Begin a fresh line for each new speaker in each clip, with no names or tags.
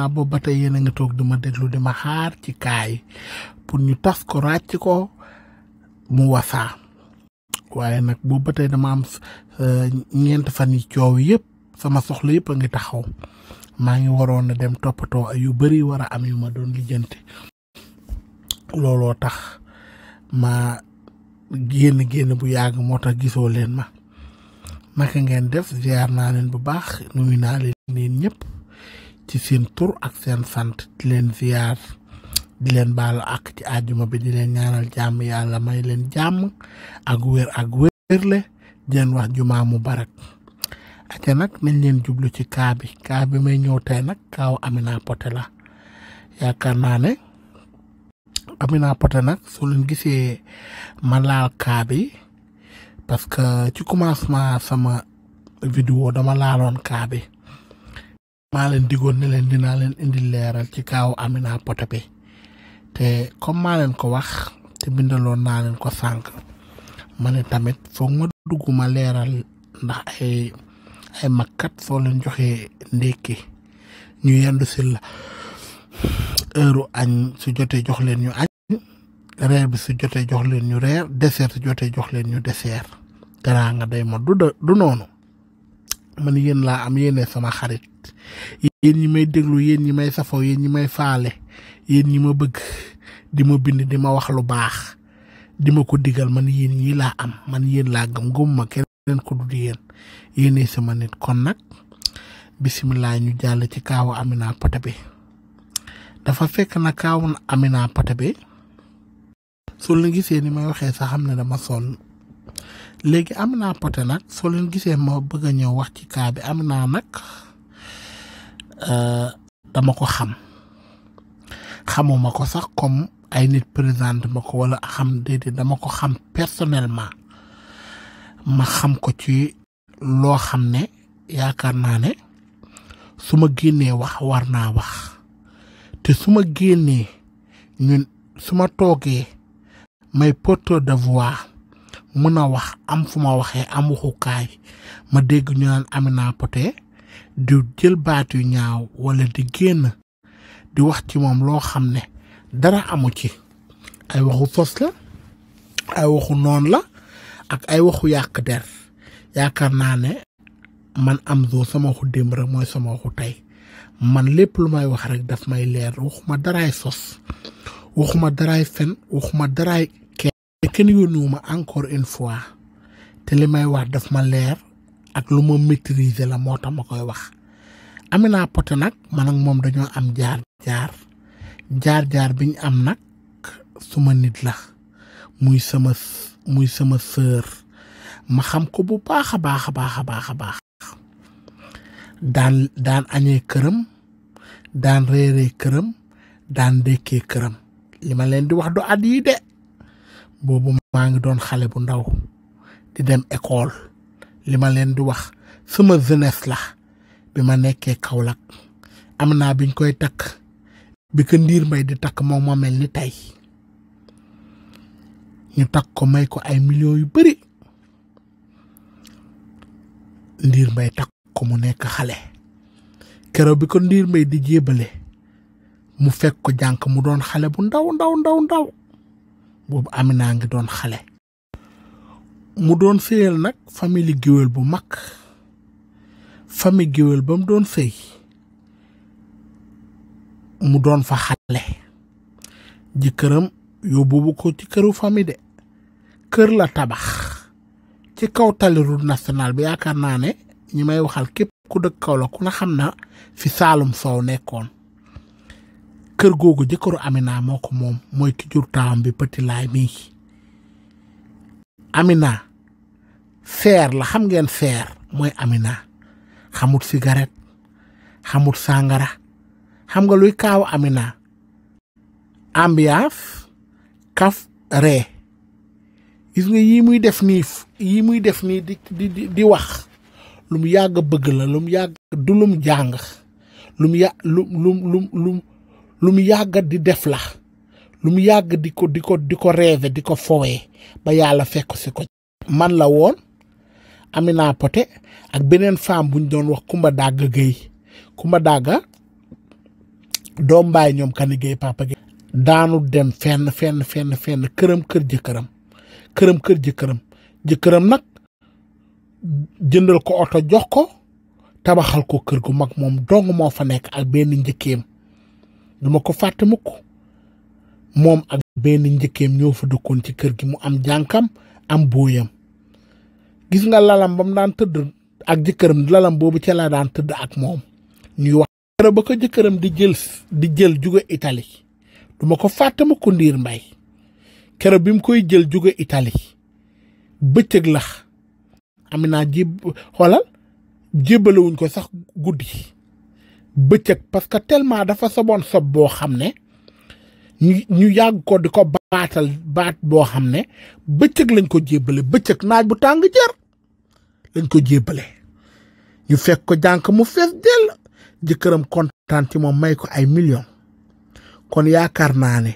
naa boobu ba tey yéen a nga toog di ma déglu di ma xaar ci kaay pour ñu tas ko ràcc ko mu wasaa waaye nag boobu ba tey dama am euh, ñeent fan yi coow yëpp sama soxla yëpp a ngi taxaw maa ngi waroon a dem toppatoo ay yu bari war a am yu ma doon lijjanti looloo tax ma génn génn bu yàgg moo tax gisoo leen ma naka ngeen def ger naa leen bu baax nuyu naa leen ñëpp. ci seen tur ak seen sant di leen ziyaar di leen baalu ak ci àjjuma bi di leen ñaanal jàmm yàlla may leen jàmm ak wér ak wérle di leen wax jumaa mu barak ate nag nañ leen jublu ci kaa bi kaa bi may ñëw tey nag kaaw Amina Poté la yaakaar naa ne Amina Poté nag soo leen gisee ma laal kaa bi parce que ci commencement sama vidéo dama laaloon kaa bi maa leen digoon ne leen dinaa leen indi leeral ci kaw Amina Poté bi te comme maa leen ko wax te bindaloon naa leen ko sànq ma ne tamit foog ma dugg leeral ndax ay ay makkat soo leen joxee ndékki ñu yendu si la heure añ su jotee jox leen ñu añ reer bi su jotee jox leen ñu reer dessert su jox leen ñu dessert. dara nga day ma du du noonu man yéen laa am yéene sama xarit. yéen ñi may déglu yéen ñi may safoo yéen ñi may faale yéen ñi ma bëgg di ma bind di ma wax lu baax di ma ko digal man yéen ñi laa am man yéen laa gëm gëmuma keneen ko du yéen yéenee sama nit kon nag bisimilah ñu jàll ci kaawu Amina Poté dafa fekk na kaawu Amina Poté soo leen gisee ni may waxee sax xam ne dama sol léegi am naa Poté nag soo leen gisee ma bëgg a ñëw wax ci kaa bi naa nag. Euh, dama ko xam xamuma ko sax comme ay nit présenté ma ko wala xam déedéet dama ko xam personnellement ma xam ko ci loo xam ne yaakaar naa ne su ma génnee wax war naa wax te su ma génnee ñun su ma toogee may porteur de voix mën a wax am fu ma waxee am waxukaay ma dégg ñu naan naa Poté di jël baat yu ñaaw walla di génn di wax ci moom loo xam ne dara amu ci ay waxu sos la ay waxu noon la ak ay waxu yàq der yaakaar naa ne man am zoo sama waxu démb rek mooy sama waxu tey man lépp lu may wax rek daf may leer waxuma daray sos waxuma daraay fen waxuma daraay kenn kenn ma encore une fois te li may wax daf ma leer ak lu ma maîtriser la moo tax ma koy wax Amina Poté nag man ak moom dañoo am jaar jaar jaar jaar bi ñu am nag suma nit la muy sama muy sama sœur ma xam ko bu baax a baax a baax a baax a baax daan daan añee këram daan réeree këram daan dékkee këram li leen di wax du at yii de boobu maa ngi doon xale bu ndaw di dem école li ma leen di wax sama jeunesse la bi ma nekkee Kaolack am naa biñ koy takk bi ko Ndiir Mbay di takk moo moo mel ni tey ñu takk ko may ko ay millions yu bari Ndiir Mbay takk ko mu nekk xale keroo bi ko Ndiir Mbay di jébale mu fekk ko jànk mu doon xale bu ndaw ndaw ndaw ndaw boobu am naa ngi doon xale mu doon féyal nag famille géwél bu mag famille géwél ba mu doon fay mu doon fa xale jëkkëram yóbbu ko ci këru famille de kër la tabax ci kaw tali national bi yaakaar naa ne ñi may waxal képp ku dëkk kaw la ku na xam na fi Saalum soow nekkoon kër googu jëkkëru Amina moo ko moom mooy ki jur bi Petit mii Amina feer la xam ngeen feer mooy Amina xamut cigarette xamut sàngara xam nga luy kaaw Amina ambiance kaf ree gis nga yii muy def nii yii muy def nii di di di wax lu mu yàgg bëgg la lu mu yàgg du lum jàng lu mu yà yàgg di def la lu mu yàgg di ko di ko di ko rêve di ko fowee ba yàlla fekk si ko man la woon ami naa Poté ak beneen femme buñ doon wax Kumba Dagga Gueye Kumba Dagga doom mbaay ñoom Kani Gueye papa Gueye daanu dem fenn fenn fenn këram kër jëkkëram këram kër jëkkëram nag jëndal ko oto jox ko tabaxal ko kër gu mag moom dong moo fa nekk ak benn njëkkeem duma ko fàtte moom ak benn njëkkeem ñoo fa dëkkoon ci kër gi mu am jànkam am booyam gis nga lalam ba mu daan tëdd ak jëkkëram lalam boobu ca daan tëdd ak moom ñuy wax kër ba ko jëkkëram di jël di jël jóge itali duma ko fàtte ma ko mbay kër bi mu koy jël jóge Italie bëccëg lax Amina ji xoolal jébbalewuñ ko sax guddi bëccëg parce que tellement dafa soboon sob boo xam ne ñu ñu ko di ko baatal baat boo xam ne bëccëg lañ ko jébbale bëccëg naaj bu tàng jër lañ ko jébbale ñu fekk ko jànk mu fees dell jëkkëram kontaan may ko ay million kon yaakaar naa ne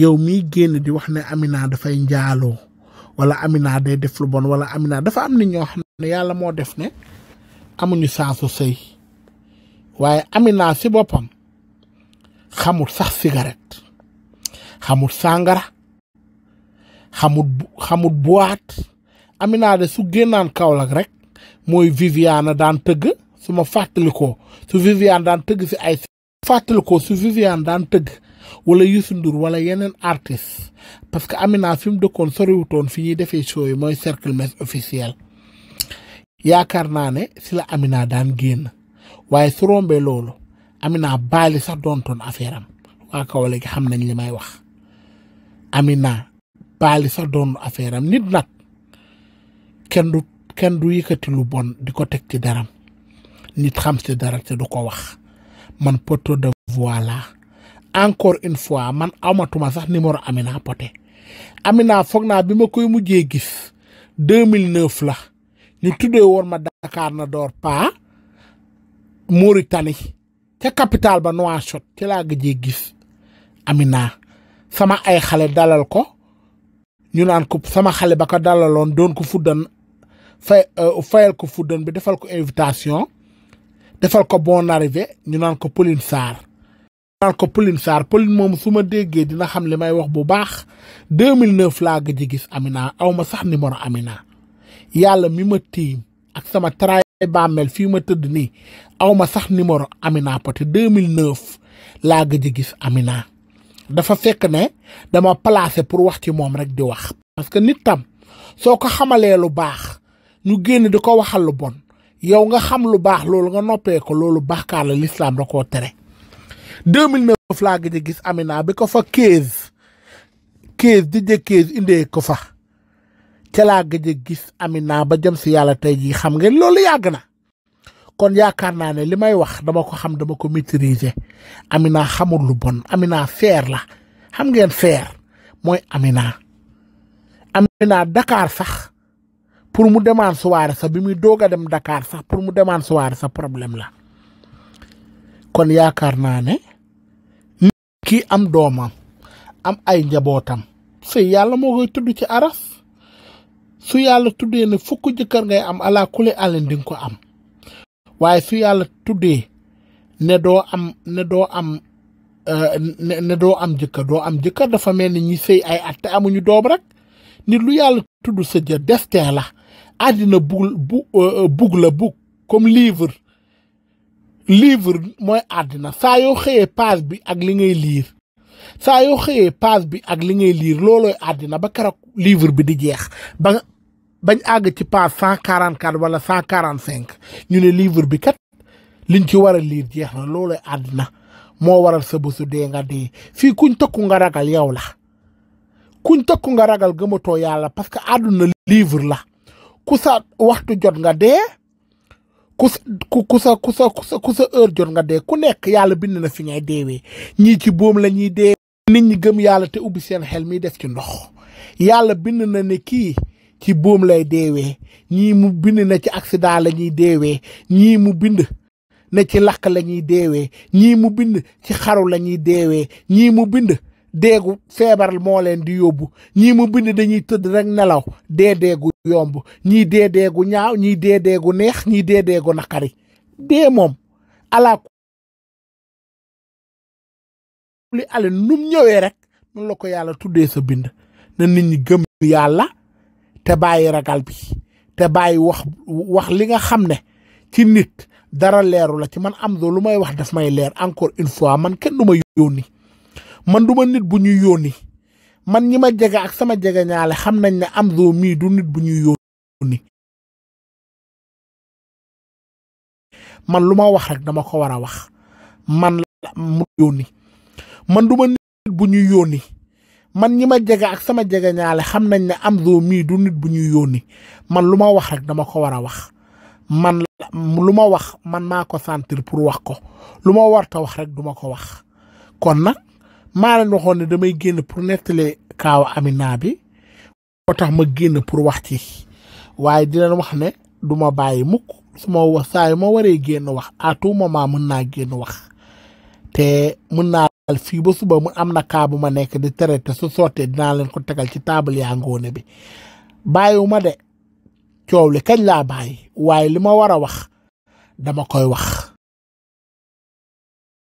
yow miy génn di wax ne Amina dafay njaaloo wala Amina day def lu bon wala Amina dafa am ni ñoo xam ne yàlla moo def ne amuñu saasu sëy waaye Amina si boppam xamul sax sigaret xamul sàngara xamul xamul boîte Amina de su génnaan Kaolack rek mooy Viviane daan tëgg su ma fàttalikoo su Viviane daan tëgg si ay. fàttalikoo su daan tëgg wala Youssou Ndour wala yeneen artiste parce que Amina fi mu dëkkoon soriwutoon fi ñuy defee show mooy cercle mes officiel yaakaar naa ne si la Amina daan génn waaye su rombee loolu Amina baali sax doontoon affaire waa kaw xam nañ li may wax. Amina baali sax doon affaire am nit nag kenn du kenn lu bon di ko teg ci daram nit xam si dara te du ko wax man porte de voix encore une fois man amatuma sax numéro Amina Poté Amina foog naa bi ma koy mujjee gis 2009 la ñu tuddee woon ma Dakar na door pa Mauritanie ca capitale ba Nouakchott ci laa gëjee gis Amina sama ay xale dalal ko ñu naan ko sama xale ba ko dalaloon doon ko fuddan fay euh, fayal ko fuddan bi defal ko invitation defal ko bon arrivé ñu naan ko Pauline Sarr ñu ko Pauline Sarr Pauline moom su ma déggee dina xam li may wax bu baax 2009 laa ga a gis Amina aw ma sax numéro Amina yàlla mi ma tiim ak sama tray bàmmeel fii ma tëdd nii aw ma sax numéro Amina Poté 2009 laa gëj a gis Amina dafa fekk ne dama placé pour wax ci moom rek di wax. parce que nit tam soo ko xamalee lu baax ñu génn di ko waxal lu bon yow nga xam lu baax loolu nga noppee ko loolu kaar la lislaam da koo tere. 2009 laa gëj a gis Amina bi ko fa 15 15 di je 15 indee ko fa ca laa gëj a gis Amina ba jëm si yàlla tey jii xam ngeen loolu yàgg na. kon yaakaar naa ne li may wax dama ko xam dama ko maîtriser Amina xamul lu bon Amina feer la xam ngeen feer mooy Amina Amina dakaar sax pour mu demaan soirée sax bi muy doog a dem Dakar sax pour mu demaan soirée sax problème la kon yaakaar naa ne kii am doomam am ay njabootam sëy yàlla moo koy tudd ci aras su yàlla tuddee ne fukk jëkkër ngay am ala kule àllen di nga ko am waaye su yàlla tuddee ne doo am ne doo am euh, ne ne doo am jëkkër doo am jëkkër dafa mel ni ñi sëy ay at amuñu doom rek nit lu yàlla tudd sa jë destin la àddina bug bu euh, bug la bug comme livre livre mooy àddina saa yoo xëyee page bi ak li ngay liir saa yoo xëyee page bi ak li ngay liir loolooy àddina ba keroog livre bi di jeex ba bañ àgg ci page cent quarante quatre wala cent quarante cinq ñu ne livre bi kat liñ ci war a liir jeex na loolu àddina moo waral sa bésu dee nga dee fii kuñ tëkku nga ragal yow la kuñ tëkku nga ragal gëmatoo yàlla parce que àdduna livre la ku sa waxtu jot nga dee ku sa ku sa ku sa ku sa ku sa heure jot nga dee ku nekk yàlla bind na fi ngay deewee ñii ci boom la ñuy dee nit ñi gëm yàlla te ubbi seen xel mi def ci ndox yàlla bind na ne kii ci boom lay deewee ñii mu bind na ci accident lañuy ñuy deewee ñii mu bind na ci lakk lañuy ñuy deewee ñii mu bind ci xaru lañuy ñuy deewee ñii mu bind deegu feebar moo leen di yóbbu ñii mu bind dañuy tëdd rek nelaw dee deegu yomb ñii dee deegu ñaaw ñii dee deegu neex ñii dee deegu naqari dee moom ala li ale num ñëwee rekk noonu la ko yàlla tuddee sa bind na nit ñi gëm yàlla te bàyyi ragal bi te bàyyi wax wax li nga xam ne ci nit dara leeru la ci man am do lu may wax daf may leer encore une fois man kenn du ma yónni man du ma nit bu ñuy yónni man ñi ma jege ak sama jege xam nañ ne am do nit bu ñuy yónni lu ma wax rek dama ko war a wax man la man du ma nit bu ñuy yónni man ñi ma jege ak sama jege ñaale xam nañ ne am Amzo mii du nit bu ñuy yónni man lu ma wax rek dama ko war a wax man lu ma wax man maa ko sentir pour wax ko lu ma warta wax rek duma ko wax kon nag maa leen waxoon ne damay génn pour nettali kaaw Amina bi moo tax ma génn pour wax ci waaye di leen wax ne du ma bàyyi mukk su ma wax saa yu ma waree génn wax à tout moment mën naa génn wax te mën naa al fii ba suba mu am na kaa bu ma nekk di traité su sottee dinaa leen ko tegal ci taabal yaa ngoone bi bàyyiwu ma de coow li kañ laa bayi waaye li ma war a wax dama koy wax